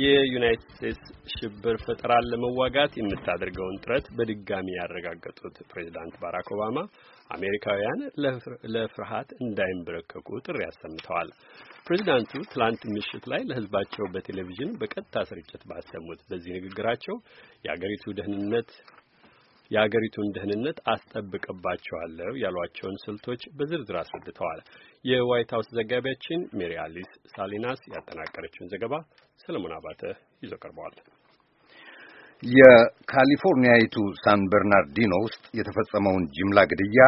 የዩናይትድ ስቴትስ ሽብር ፈጠራን ለመዋጋት የምታደርገውን ጥረት በድጋሚ ያረጋገጡት ፕሬዚዳንት ባራክ ኦባማ አሜሪካውያን ለፍርሃት እንዳይንበረከኩ ጥሪ አሰምተዋል። ፕሬዚዳንቱ ትላንት ምሽት ላይ ለሕዝባቸው በቴሌቪዥን በቀጥታ ስርጭት ባሰሙት በዚህ ንግግራቸው የአገሪቱ ደህንነት የአገሪቱን ደህንነት አስጠብቅባቸዋለሁ ያሏቸውን ስልቶች በዝርዝር አስረድተዋል። የዋይት ሀውስ ዘጋቢያችን ሜሪ አሊስ ሳሊናስ ያጠናቀረችውን ዘገባ ሰለሞን አባተ ይዞ ቀርበዋል። የካሊፎርኒያዊቱ ሳን በርናርዲኖ ውስጥ የተፈጸመውን ጅምላ ግድያ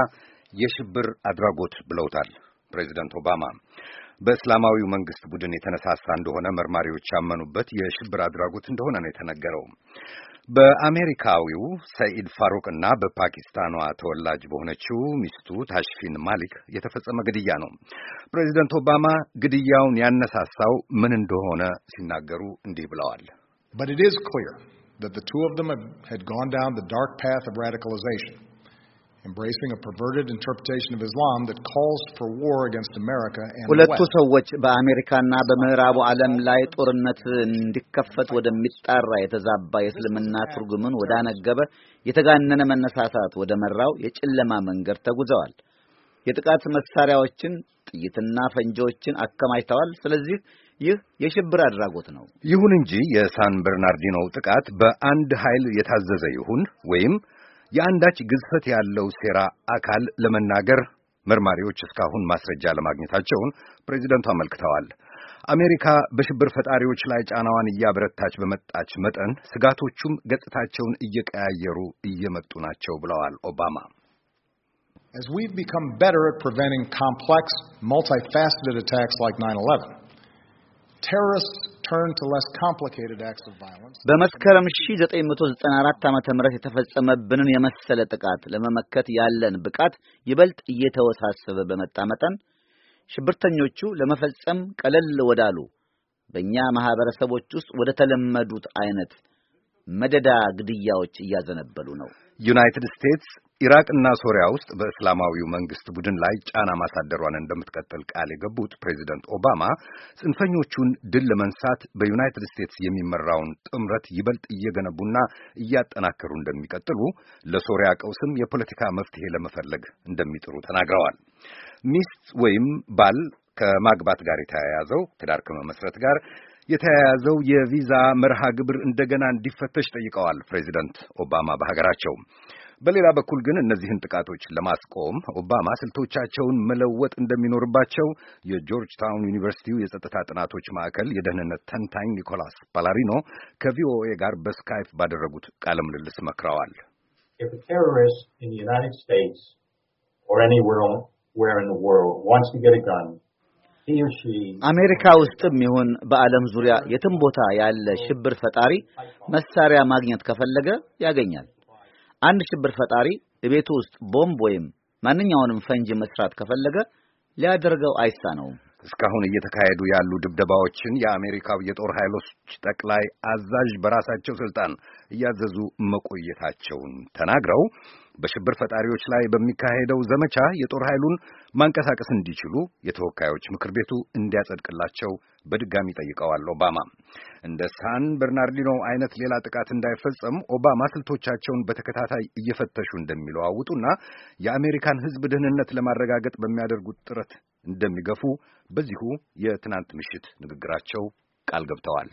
የሽብር አድራጎት ብለውታል ፕሬዚደንት ኦባማ። በእስላማዊው መንግስት ቡድን የተነሳሳ እንደሆነ መርማሪዎች ያመኑበት የሽብር አድራጎት እንደሆነ ነው የተነገረው። በአሜሪካዊው ሰኢድ ፋሩቅ እና በፓኪስታኗ ተወላጅ በሆነችው ሚስቱ ታሽፊን ማሊክ የተፈጸመ ግድያ ነው። ፕሬዚደንት ኦባማ ግድያውን ያነሳሳው ምን እንደሆነ ሲናገሩ እንዲህ ብለዋል። But it is clear that the two of them had gone down the dark path of radicalization. embracing a perverted interpretation of Islam that calls for war against America and ሁለቱ ሰዎች በአሜሪካና በምዕራቡ ዓለም ላይ ጦርነት እንዲከፈት ወደሚጣራ የተዛባ የእስልምና ትርጉምን ወዳነገበ የተጋነነ መነሳሳት ወደ መራው የጨለማ መንገድ ተጉዘዋል። የጥቃት መሳሪያዎችን ጥይትና ፈንጂዎችን አከማችተዋል። ስለዚህ ይህ የሽብር አድራጎት ነው። ይሁን እንጂ የሳን በርናርዲኖ ጥቃት በአንድ ኃይል የታዘዘ ይሁን ወይም የአንዳች ግዝፈት ያለው ሴራ አካል ለመናገር መርማሪዎች እስካሁን ማስረጃ ለማግኘታቸውን ፕሬዚደንቱ አመልክተዋል። አሜሪካ በሽብር ፈጣሪዎች ላይ ጫናዋን እያበረታች በመጣች መጠን ስጋቶቹም ገጽታቸውን እየቀያየሩ እየመጡ ናቸው ብለዋል ኦባማ። As we've become better at preventing complex, multifaceted attacks like 9/11, terrorists በመስከረም 1994 ዓመተ ምህረት የተፈጸመብንን የመሰለ ጥቃት ለመመከት ያለን ብቃት ይበልጥ እየተወሳሰበ በመጣ መጠን ሽብርተኞቹ ለመፈጸም ቀለል ወዳሉ በእኛ ማህበረሰቦች ውስጥ ወደ ተለመዱት አይነት መደዳ ግድያዎች እያዘነበሉ ነው። ዩናይትድ ስቴትስ ኢራቅና ሶሪያ ውስጥ በእስላማዊው መንግስት ቡድን ላይ ጫና ማሳደሯን እንደምትቀጥል ቃል የገቡት ፕሬዚደንት ኦባማ ጽንፈኞቹን ድል ለመንሳት በዩናይትድ ስቴትስ የሚመራውን ጥምረት ይበልጥ እየገነቡና እያጠናከሩ እንደሚቀጥሉ፣ ለሶሪያ ቀውስም የፖለቲካ መፍትሄ ለመፈለግ እንደሚጥሩ ተናግረዋል። ሚስት ወይም ባል ከማግባት ጋር የተያያዘው ትዳር ከመመስረት ጋር የተያያዘው የቪዛ መርሃ ግብር እንደገና እንዲፈተሽ ጠይቀዋል ፕሬዚደንት ኦባማ በሀገራቸው። በሌላ በኩል ግን እነዚህን ጥቃቶች ለማስቆም ኦባማ ስልቶቻቸውን መለወጥ እንደሚኖርባቸው የጆርጅ ታውን ዩኒቨርሲቲው የጸጥታ ጥናቶች ማዕከል የደህንነት ተንታኝ ኒኮላስ ፓላሪኖ ከቪኦኤ ጋር በስካይፕ ባደረጉት ቃለ ምልልስ መክረዋል። አሜሪካ ውስጥም ይሁን በዓለም ዙሪያ የትም ቦታ ያለ ሽብር ፈጣሪ መሳሪያ ማግኘት ከፈለገ ያገኛል። አንድ ሽብር ፈጣሪ ቤቱ ውስጥ ቦምብ ወይም ማንኛውንም ፈንጂ መስራት ከፈለገ ሊያደርገው አይሳነውም። እስካሁን እየተካሄዱ ያሉ ድብደባዎችን የአሜሪካው የጦር ኃይሎች ጠቅላይ አዛዥ በራሳቸው ስልጣን እያዘዙ መቆየታቸውን ተናግረው በሽብር ፈጣሪዎች ላይ በሚካሄደው ዘመቻ የጦር ኃይሉን ማንቀሳቀስ እንዲችሉ የተወካዮች ምክር ቤቱ እንዲያጸድቅላቸው በድጋሚ ጠይቀዋል። ኦባማ እንደ ሳን በርናርዲኖ አይነት ሌላ ጥቃት እንዳይፈጸም ኦባማ ስልቶቻቸውን በተከታታይ እየፈተሹ እንደሚለዋውጡና የአሜሪካን ሕዝብ ደህንነት ለማረጋገጥ በሚያደርጉት ጥረት እንደሚገፉ በዚሁ የትናንት ምሽት ንግግራቸው ቃል ገብተዋል።